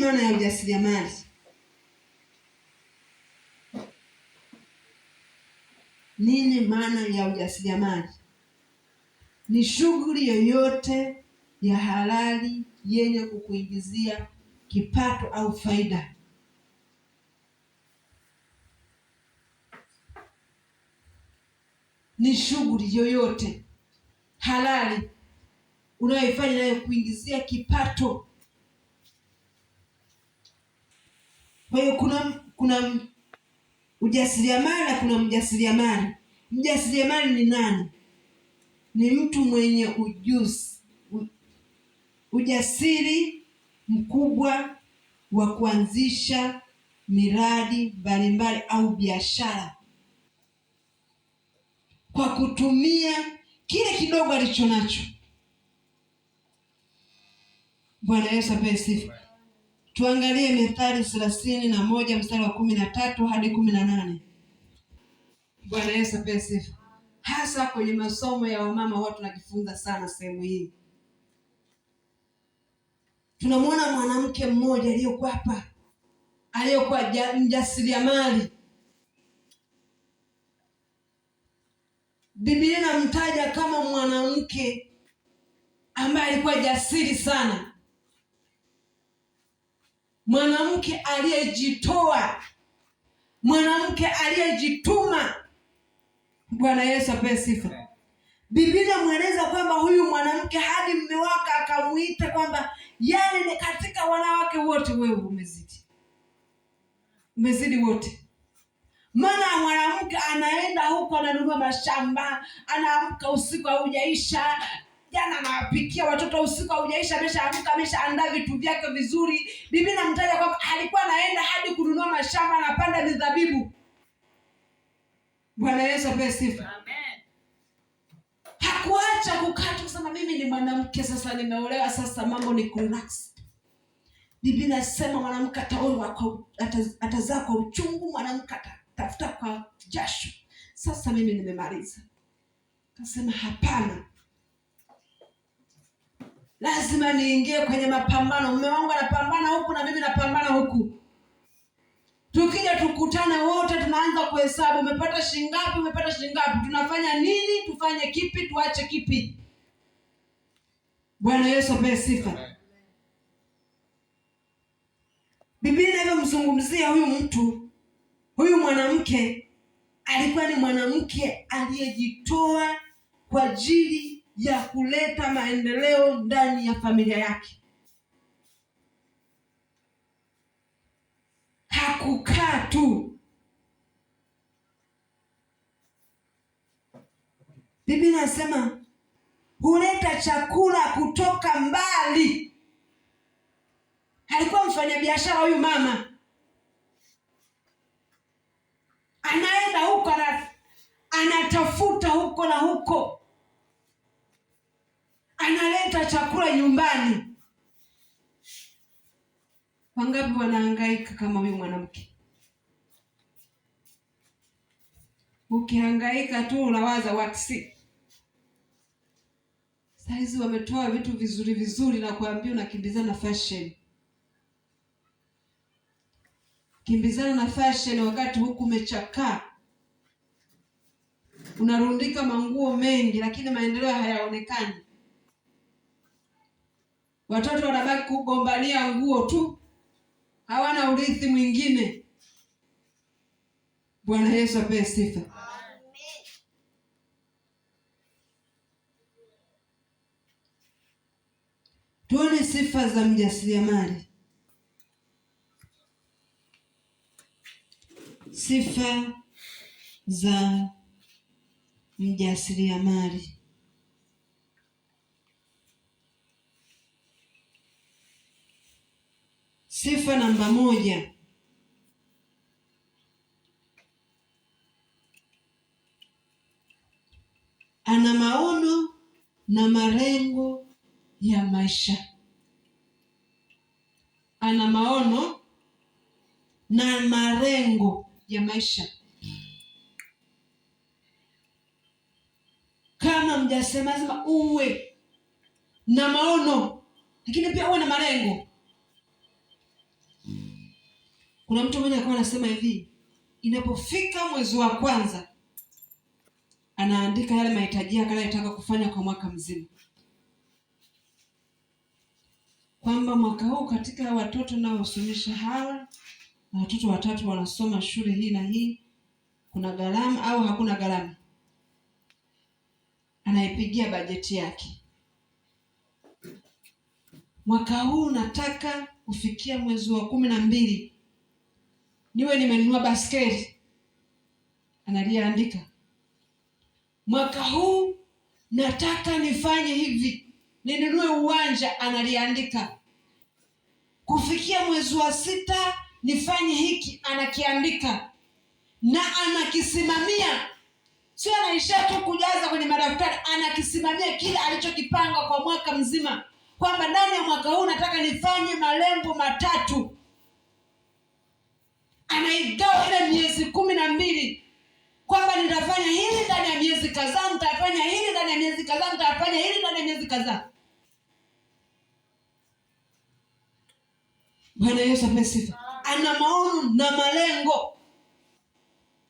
maana ya ujasiriamali? Nini maana ya ujasiriamali? Ni shughuli yoyote ya halali yenye kukuingizia kipato au faida. Ni shughuli yoyote halali unayoifanya kuingizia kipato Kwa hiyo kuna kuna ujasiriamali na kuna mjasiriamali. Mjasiriamali ni nani? Ni mtu mwenye ujuzi, ujasiri mkubwa wa kuanzisha miradi mbalimbali au biashara kwa kutumia kile kidogo alicho nacho. Bwana Yesu apewe sifa. Tuangalie Methali thelathini na moja mstari wa kumi na tatu hadi kumi na nane. Bwana Yesu apewe sifa. Hasa kwenye masomo ya wamama huwa tunajifunza sana sehemu hii. Tunamwona mwanamke mmoja aliyekuwa hapa, aliyekuwa mjasiriamali. Biblia inamtaja kama mwanamke ambaye alikuwa jasiri sana mwanamke aliyejitoa, mwanamke aliyejituma. Bwana Yesu apewe sifa. Biblia mweleza kwamba huyu mwanamke hadi mme wake akamwita kwamba yani, ni katika wanawake wote wewe umezidi, umezidi wote. Maana mwanamke anaenda huko ananunua mashamba, anaamka usiku haujaisha jana anawapikia watoto usiku, haujaisha ameshaamka, ameshaandaa vitu vyake vizuri. Bibi namtaja kwamba alikuwa anaenda hadi kununua mashamba, anapanda mizabibu. Bwana Yesu apewe sifa. Hakuacha kukata kusema, mimi ni mwanamke sasa, nimeolewa sasa, mambo ni Bibi nasema mwanamke ataoa atazaa kwa uchungu, mwanamke atatafuta kwa jasho. Sasa mimi nimemaliza, kasema hapana lazima niingie kwenye mapambano. Mume wangu anapambana huku na mimi napambana huku, tukija tukutane wote tunaanza kuhesabu, umepata shingapi? Umepata shingapi? Tunafanya nini? Tufanye kipi? Tuache kipi? Bwana Yesu apee sifa. Biblia inavyomzungumzia huyu mtu, huyu mwanamke alikuwa ni mwanamke aliyejitoa kwa ajili ya kuleta maendeleo ndani ya familia yake. Hakukaa tu. Biblia inasema huleta chakula kutoka mbali. Alikuwa mfanyabiashara huyu mama, anaenda huko anatafuta huko na huko analeta chakula nyumbani. Wangapi wanahangaika kama huyu mwanamke? Ukihangaika tu unawaza waksi. Saizi wametoa vitu vizuri vizuri na kuambia unakimbizana na fashion, kimbizana na fashion wakati huku umechakaa unarundika manguo mengi, lakini maendeleo hayaonekani. Watoto wanabaki kugombania nguo tu, hawana urithi mwingine. Bwana Yesu apewe sifa. Tuone sifa za mjasiriamali. Sifa za mjasiriamali. Sifa namba moja. Ana maono na malengo ya maisha. Ana maono na malengo ya maisha. Kama mjasema lazima uwe na maono, lakini pia uwe na malengo. Kuna mtu mmoja akawa anasema hivi, inapofika mwezi wa kwanza anaandika yale mahitaji yake anayotaka kufanya kwa mwaka mzima, kwamba mwaka huu katika watoto naosomesha hawa na watoto watatu wanasoma shule hii na hii, kuna gharama au hakuna gharama. Anaipigia bajeti yake, mwaka huu nataka kufikia mwezi wa kumi na mbili niwe nimenunua basketi, analiandika mwaka huu nataka nifanye hivi, ninunue uwanja, analiandika kufikia mwezi wa sita nifanye hiki, anakiandika na anakisimamia. Sio anaishia tu kujaza kwenye madaftari, anakisimamia kile alichokipanga kwa mwaka mzima, kwamba ndani ya mwaka huu nataka nifanye malengo matatu anaigawa ile miezi kumi na mbili kwamba nitafanya hili ndani ya miezi kadhaa, nitafanya hili ndani ya miezi kadhaa, nitafanya hili ndani ya miezi kadhaa. Bwana Yesu amesifa. Ana maono na malengo.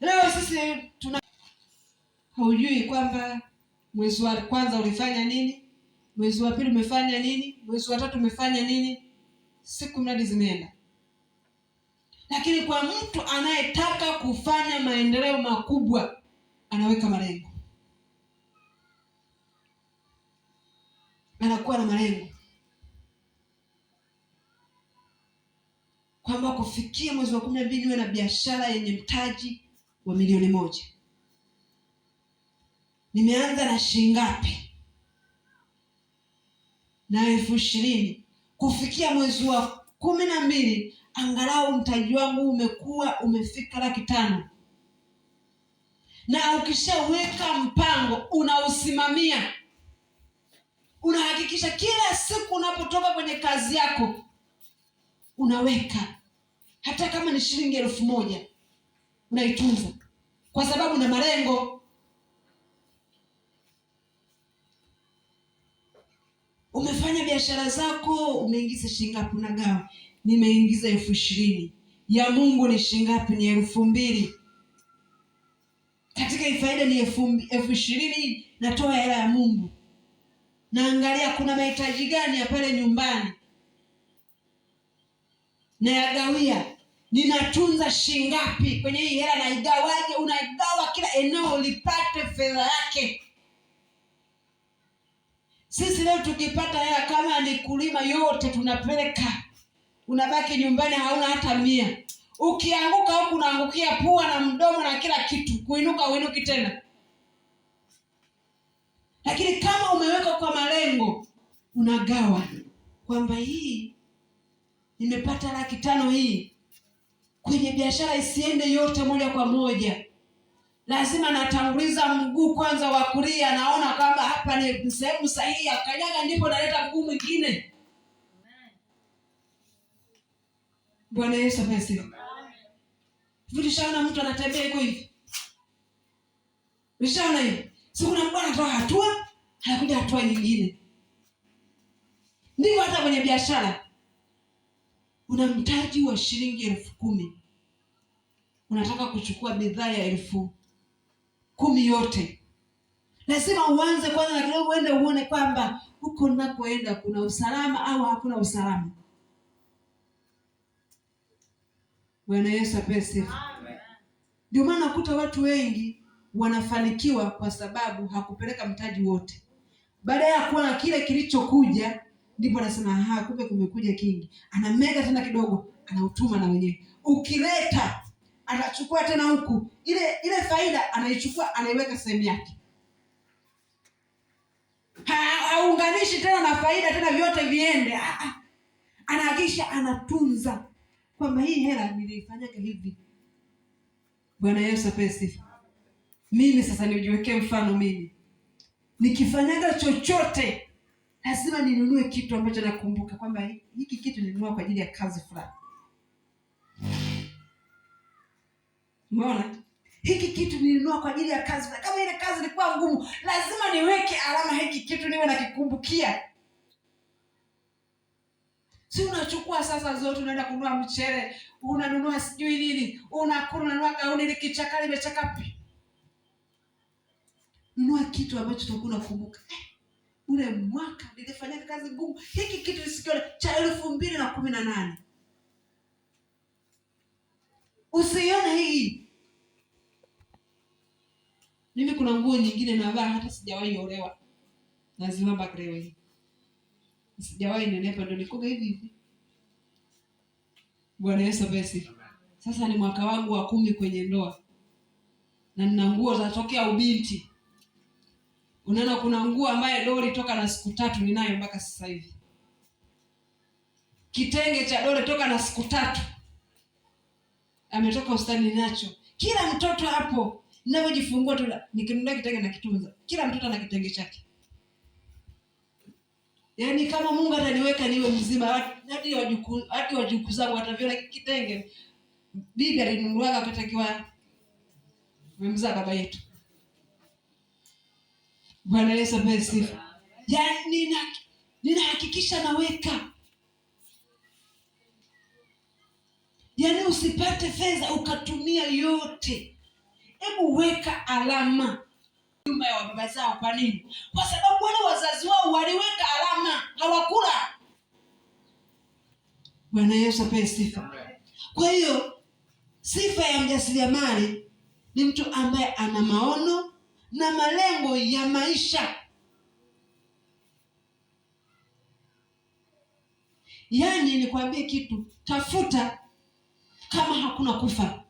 Leo sisi tuna haujui kwamba mwezi wa kwanza ulifanya nini, mwezi wa pili umefanya nini, mwezi wa tatu umefanya nini. Siku mradi zimeenda lakini kwa mtu anayetaka kufanya maendeleo makubwa, anaweka malengo, anakuwa na malengo kwamba kufikia mwezi wa kumi na mbili niwe na biashara yenye mtaji wa milioni moja. Nimeanza na shingapi ngapi? na elfu ishirini kufikia mwezi wa kumi na mbili, angalau mtaji wangu umekuwa umefika laki tano. Na ukishaweka mpango unausimamia, unahakikisha kila siku unapotoka kwenye kazi yako unaweka, hata kama ni shilingi elfu moja unaitunza, kwa sababu na malengo Umefanya biashara zako, umeingiza shilingi ngapi? Unagawa, nimeingiza elfu ishirini ya Mungu ni shilingi ngapi? Ni elfu mbili katika ifaida ni elfu ishirini natoa hela ya Mungu, naangalia kuna mahitaji gani ya pale nyumbani, nayagawia. Ninatunza shingapi kwenye hii hela, naigawaje? Unaigawa kila eneo lipate fedha yake. Sisi leo tukipata hela kama ni kulima yote tunapeleka, unabaki nyumbani hauna hata mia. Ukianguka huku unaangukia pua na mdomo na kila kitu, kuinuka uinuki tena. Lakini kama umeweka kwa malengo, unagawa kwamba hii nimepata laki tano, hii kwenye biashara isiende yote moja kwa moja lazima natanguliza mguu kwanza wa kulia, naona kwamba hapa ni sehemu sahihi akanyaga ndipo naleta mguu mwingine. Bwana Yesu amesi Tulishaona mtu anatembea hivyo hivi, vishaona hivi, si kuna anatoa hatua anakuja hatua nyingine. Ndivyo hata kwenye biashara, una mtaji wa shilingi elfu kumi unataka kuchukua bidhaa ya elfu kumi yote. Lazima uanze kwanza na kidogo, uende uone kwamba huko nakoenda kuna usalama au hakuna usalama. Bwana Yesu apewe sifa. Ndio maana nakuta watu wengi wanafanikiwa kwa sababu hakupeleka mtaji wote. Baada ya kuwa na kile kilichokuja, ndipo anasema kumbe kumekuja kingi. Anamega tena kidogo, anautuma na wenyewe ukileta atachukua tena huku, ile ile faida anaichukua, anaiweka sehemu yake, haunganishi tena na faida tena vyote viende, anaakisha anatunza kwamba hii hela niliifanyaga hivi. Bwana Yesu apewe Mimi sasa nijiwekee mfano, mimi nikifanyaga chochote lazima ninunue kitu ambacho nakumbuka kwamba hiki kitu ninunua kwa ajili ya kazi fulani Umeona? Hiki kitu nilinua kwa ajili ya kazi, na kama ile kazi ilikuwa ngumu, lazima niweke alama hiki kitu, niwe nakikumbukia. Si unachukua sasa zote, unaenda kununua mchele, unanunua sijui nini, unakula, unanunua gauni, likichakaa limechaka pi. Nunua kitu ambacho utakuwa unakumbuka. Eh, ule mwaka nilifanya kazi ngumu, hiki kitu sikio cha 2018. mbili usione hii mimi kuna nguo nyingine navaa hata sijawahi olewa. Lazima bakrewe. Sijawahi nenepa ndo nikoga hivi hivi. Bwana Yesu basi. Sasa ni mwaka wangu wa kumi kwenye ndoa. Na nina nguo zatokea ubinti. Unaona kuna nguo ambaye dori toka na siku tatu ninayo mpaka sasa hivi. Kitenge cha dori toka na siku tatu. Ametoka ustani nacho. Kila mtoto hapo Ninavyojifungua tu nikinunua kitenge na kitunza. Kila mtoto ana kitenge chake. Yaani kama Mungu ataniweka niwe mzima hadi wajuku hadi zangu wataviona kitenge. Bibi alinunuliwa akatakiwa memzaa baba yetu. Bwana Yesu apewe sifa. Yaani nina ninahakikisha naweka. Yaani usipate fedha ukatumia yote hebu weka alama nyumba ya baba zao. Kwa nini? Kwa sababu wale wazazi wao waliweka alama, hawakula. Bwana Yesu apewe sifa. Kwa hiyo sifa ya mjasiriamali ni mtu ambaye ana maono na malengo ya maisha, yaani nikwambie kitu, tafuta kama hakuna kufa